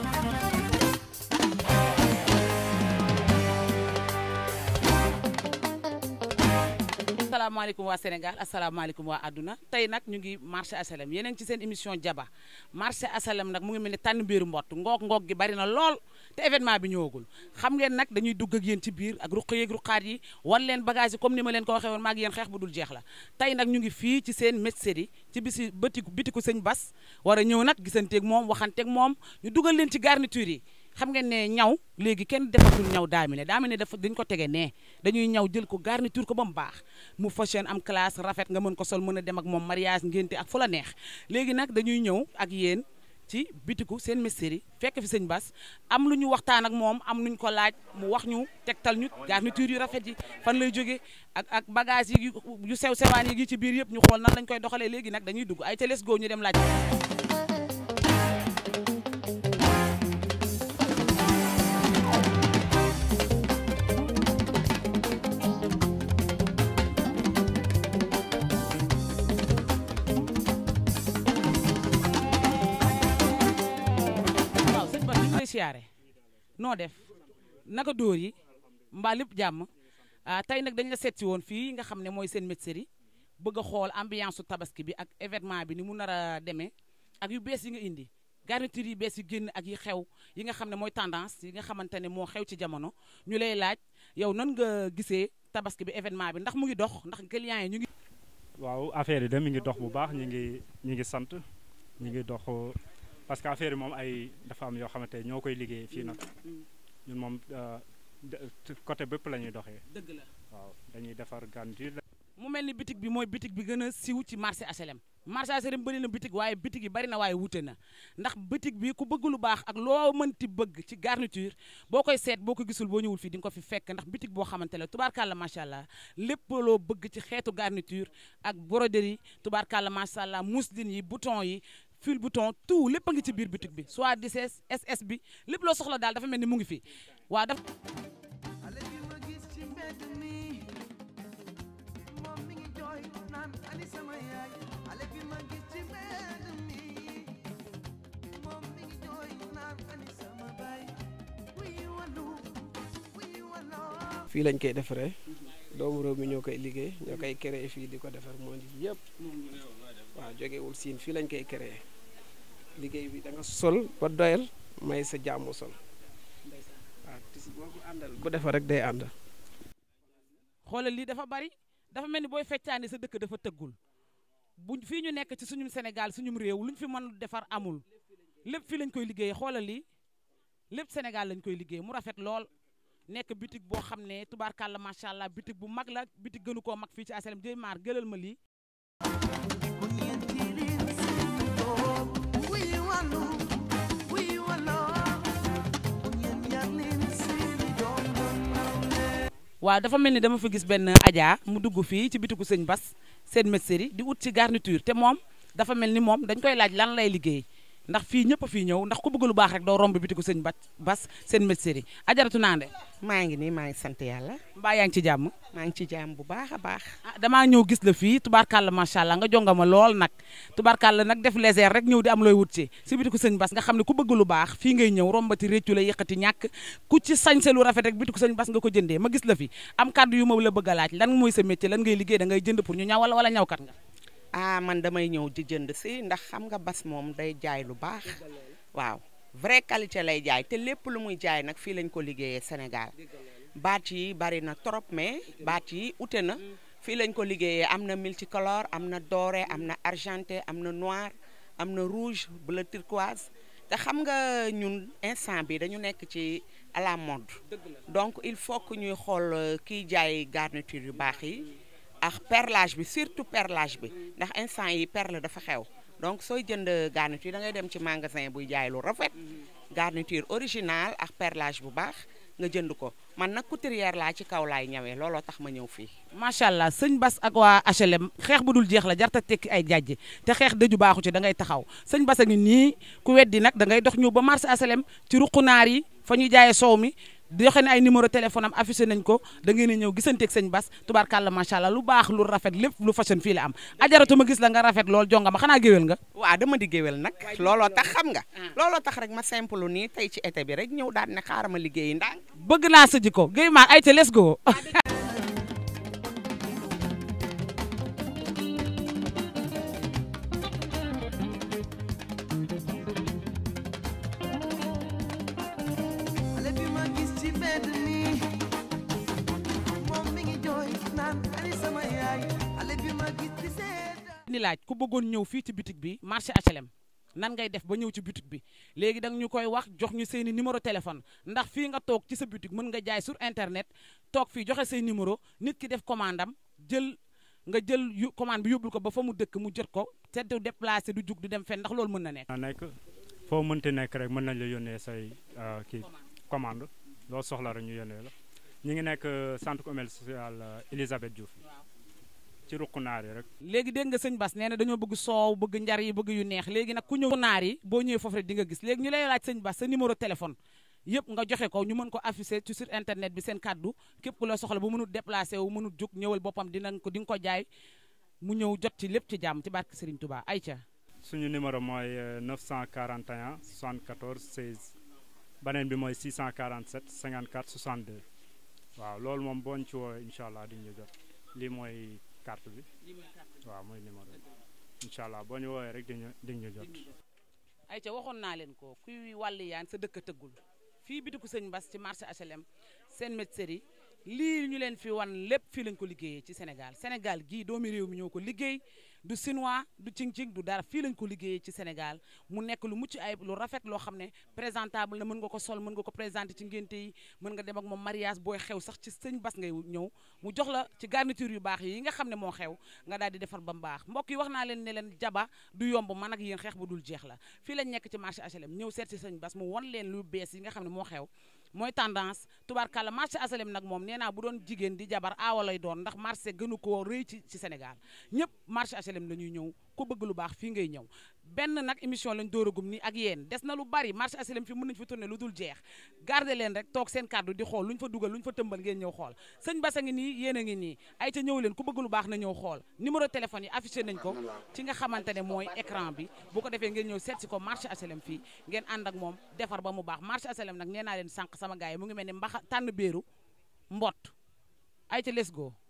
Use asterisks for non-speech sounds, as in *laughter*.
Thank you. asalaamaaleykum waa Sénégal asalaamaaleykum waa àdduna tey nag ñu ngi marché asalem yeneen ci seen émission jaba marché asalem nag mu ngi mel ni tànn biiru mbott ngoog ngoog gi bari na lool te événement bi ñëwagul xam ngeen nag dañuy dugg ak yéen ci biir ak ruq yeeg ruqaat yi wan leen bagage comme ni ma leen ko waxee woon maa ngi yéen xeex bu dul jeex la tey nag ñu ngi fii ci seen mercerie ci bisi bitiku bitiku sëñ Bas war a ñëw nag gisanteeg moom waxanteeg moom ñu dugal leen ci garniture yi xam ngeen ne ñaw léegi kenn defatul ñaw daamine daamine dafa dañ ko tegee nee dañuy ñaw jël ko garniture ko ba mu baax mu fashion am classe rafet nga mën ko sol mën a dem ak moom mariage ngénte ak fu la neex léegi nag dañuy ñëw ak yéen ci bitiku seen misteri fekk fi sëñ bas am lu ñu waxtaan ak moom am lu ko laaj mu wax ñu tegtal ñu garniture yu rafet yi fan lay jóge ak ak bagage yi yu sew sewaan yi ci biir yëpp ñu xool nan dañ koy doxalee léegi nag dañuy dugg ay ca les ñu dem laaj siyaare noo def naka dóor yi mbaa lépp jàmm ah, tey nag dañ la seet si woon fii nga xam ne mooy seen mercerie bëgg a xool ambiance su tabaski bi ak événement bi ni mu nar a demee ak yu bees yi nga indi garniture yi bees yi génn ak yi xew yi nga xam ne mooy tendance yi nga xamante ne moo xew ci jamono ñu lay laaj yow nan nga gisee tabaski bi événement bi ndax mu ngi dox ndax clients yi ñu ngi. waaw affaire yi ngi dox bu baax ñu ngi sant ñu ngi dox parce que affaire yi moom ay dafa am yoo xamante ñoo koy liggéey fii nag ñun moom euh, euh, côté bépp la ñuy doxee. dëgg la waaw dañuy defar gandir. mu mel ni bitig bi mooy bitig bi gën a siiw ci marché HLM marché HLM bëri na bitig waaye bitik yi bari na waaye wute na ndax bitig bi ku bëgg lu baax ak loo mënti bëgg ci garniture boo koy seet boo ko gisul boo ñëwul fii di nga ko fi fekk ndax bitik boo xamante la tubaarkàlla macha allah lépp loo bëgg ci xeetu garniture ak broderie tubaarkàlla macha allah mousseline yi bouton yi fil bouton tout lépp a ci biir boutique bi soit disees bi lépp loo soxla daal dafa ni mu ngi fi waa daf fii lañ koy defaree doomu réew mi ñoo koy liggéey ñoo koy créé fii di ko defar moo ngi yëpp waaw jógewul siin fii lañ koy créer liggéey bi da sol ba doyal may sa jàmmu sol ko àndal bu defar rek day ànd. xoolal lii dafa bari dafa mel ni booy feccaani sa dëkk dafa tëggul buñ fii ñu nekk ci suñum Sénégal suñum réew lu luñ fi mën defar amul lépp fii lañ koy liggéey xoolal lii lépp senegal lañ koy liggéey mu rafet lool. nekk bitig boo xam ne tubaarkàlla macha allah bitig bu mag la bitig gënu koo mag fii ci asalem jëy maar gëlal ma lii waaw dafa mel ni dama fa gis benn Adja mu dugg fii ci bitigu sëñ Bas seen mercerie di ut ci garniture te moom dafa mel ni moom dañ koy laaj lan lay liggéey ndax fi ñëpp fi fii ñëw ndax ku bëgg lu baax rek do romb bitiku sëñ Bas Bas seen messeri ajaratu nande ma ngi ni ma ngi sante yalla mbaa yaang ci jamm ma ngi ci jamm bu baaxa baax. dama ah, damaa ñëw gis la fii ma sha allah nga jongama lool nak tubaarkàlla nak def léger rek ñëw di am loy wut ci si bitiku sëñ Bas nga xamni ku bëgg lu baax fi ngay ñëw rombati réccu la yëkkati ñak ku ci sañse lu rafet rek bitiku sëñ Bas nga ko jëndee ma gis la fi am kàddu yu ma la bëgg laaj lan moy sa métier lan ngay liggéey da ngay jënd pour ñu ñaawal wala wala kat nga ah man damay ñëw di jënd si ndax xam nga bas moom day jaay lu baax waaw vrai qualité lay jaay te lépp lu muy jaay nag fii lañ ko liggéeyee Sénégal baat yi bari na trop mais baat yi ute na mm. fii lañ ko liggéeyee am na multicolore am na doré am na argente am na noir am na rouge bleu turquoise te xam nga ñun instant bi dañu nekk ci à donc il faut que ñuy xool euh, kiy jaay garniture yu baax yi mm. ak perlage bi surtout perlage bi ndax instant yi perle dafa xew donc sooy jënd garniture da ngay dem ci magasin buy jaay lu rafet garniture originale ak perlage bu baax nga jënd ko man nag couturière laa ci kaw laay ñawee looloo tax ma ñëw fii macha allah sëñ Bas ak waa HLM xeex bu dul jeex la jarta tekki ay jajj te xeex dëju baaxu ci da ngay taxaw sëñ Bas a ngi nii ku weddi nag da ngay dox ñëw ba marché HLM ci ruqu naar yi fa ñuy jaayee soow mi joxe ne ay numéro téléphone am affiché nañ ko da ngeen a ñëw gisanteeg sëñ Bas tubaarkàlla macha allah lu baax lu rafet lépp lu fashion fii la am ajaratu ma gis la nga rafet lool jonga ma xanaa géwél nga waaw dama di géwél nag looloo tax xam nga ah. looloo tax rek ma simple lu nii tey ci été bi rek ñëw daal ne xaaral ma liggéey ndànk bëgg naa sa jikko géy maar ay ca let's go *laughs* seet uh, nii laaj ku bëggoon ñëw fii ci boutique bi marché HLM nan ngay def ba ci boutique bi léegi danga ñu koy wax jox ñu seeni numéro téléphone ndax fii nga toog ci sa boutique mën nga jaay sur internet toog fii joxe say numéro nit ki def commande am jël nga jël yu commande bi yóbbul ko ba fa mu dëkk mu jot ko te du du jug du dem fen ndax loolu mën na nekk. nekk foo mënti nekk rek mën nañ la yónnee say euh, kii commande loo soxla rek ñu yónnee la ñu ngi nekk euh, centre commercial euh, Elisabeth Diouf ci ruqu naar yi rek. léegi dégg nga sëñ Bas nee na dañoo bëgg soow bëgg njar yi bëgg yu neex léegi nag ku ñëw naar yi boo ñëwee foofu rek di gis léegi ñu lay laaj sëñ Bas sa numéro téléphone yëpp nga joxe ko ñu mën ko afficher ci sur internet bi seen kàddu képp ku la soxla bu mënut déplacé wu mënut jóg ñëwal boppam dinañ ko dinga ko jaay mu ñëw jot ci lépp ci jàmm ci barke Serigne Touba ayca. suñu numéro mooy 941 74 16. beneen bi mooy 647 54 62 waaw loolu moom boo ñu ci woowee incha allah di ñu jot lii mooy kart bi waaw mooy numéro bi incha allah boo ñu woowee rek di ñu di jot. ay ca waxoon naa leen ko kuy wàll yaan sa dëkk tëggul fii bitiku sëñ Mbas ci marché HLM seen métserie lii ñu leen fi wan lépp fii lañ ko liggéeyee ci Sénégal Sénégal gii doomi réew mi ñoo ko liggéey. du chinois du cing-cing du dara fii lañ ko liggéeyee ci Sénégal mu nekk lu mucc ayib lu rafet loo xam ne présentable na mën nga ko sol mën nga ko présenter ci ngénte yi mën nga dem ak moom mariage booy xew sax ci sëñ bas ngay ñëw mu jox la ci garniture yu baax yi nga xam ne moo xew nga daal di defar ba mu baax mbokk yi wax naa leen ne leen jaba du yomb man ak yéen xeex bu dul jeex la fii lañ nekk ci marché HLM ñëw seet si sëñ bas mu won leen lu bees yi nga xam ne moo xew mooy tendance tubarkalla marché asalem nag moom nee naa bu doon jigéen di jabar awalay doon ndax marché gënu koo rëy ci ci Sénégal ñëpp marché asalem la ñuy ñëw ku bëgg lu baax fii ngay ñëw benn nag émission lañ dooragum ni ak yéen des na lu bari marché asilem fi mën nañ fi tourné lu dul jeex garder leen rek toog seen kàddu di xool luñ fa dugal luñ fa tëmbal ngeen ñëw xool sëñ Bass a ngi nii yéen a ngi nii ay ca ñëw leen ku bëgg lu baax na ñëw xool numéro téléphone yi affiché nañ ko ci nga xamante ne mooy écran bi bu ko defee ngeen ñëw seet si ko marché asilem fii ngeen ànd ak moom defar ba mu baax marché asilem nag nee naa leen sànq sama gars yi mu ngi mel ni mbaxa tànn béeru mbott ay ca let's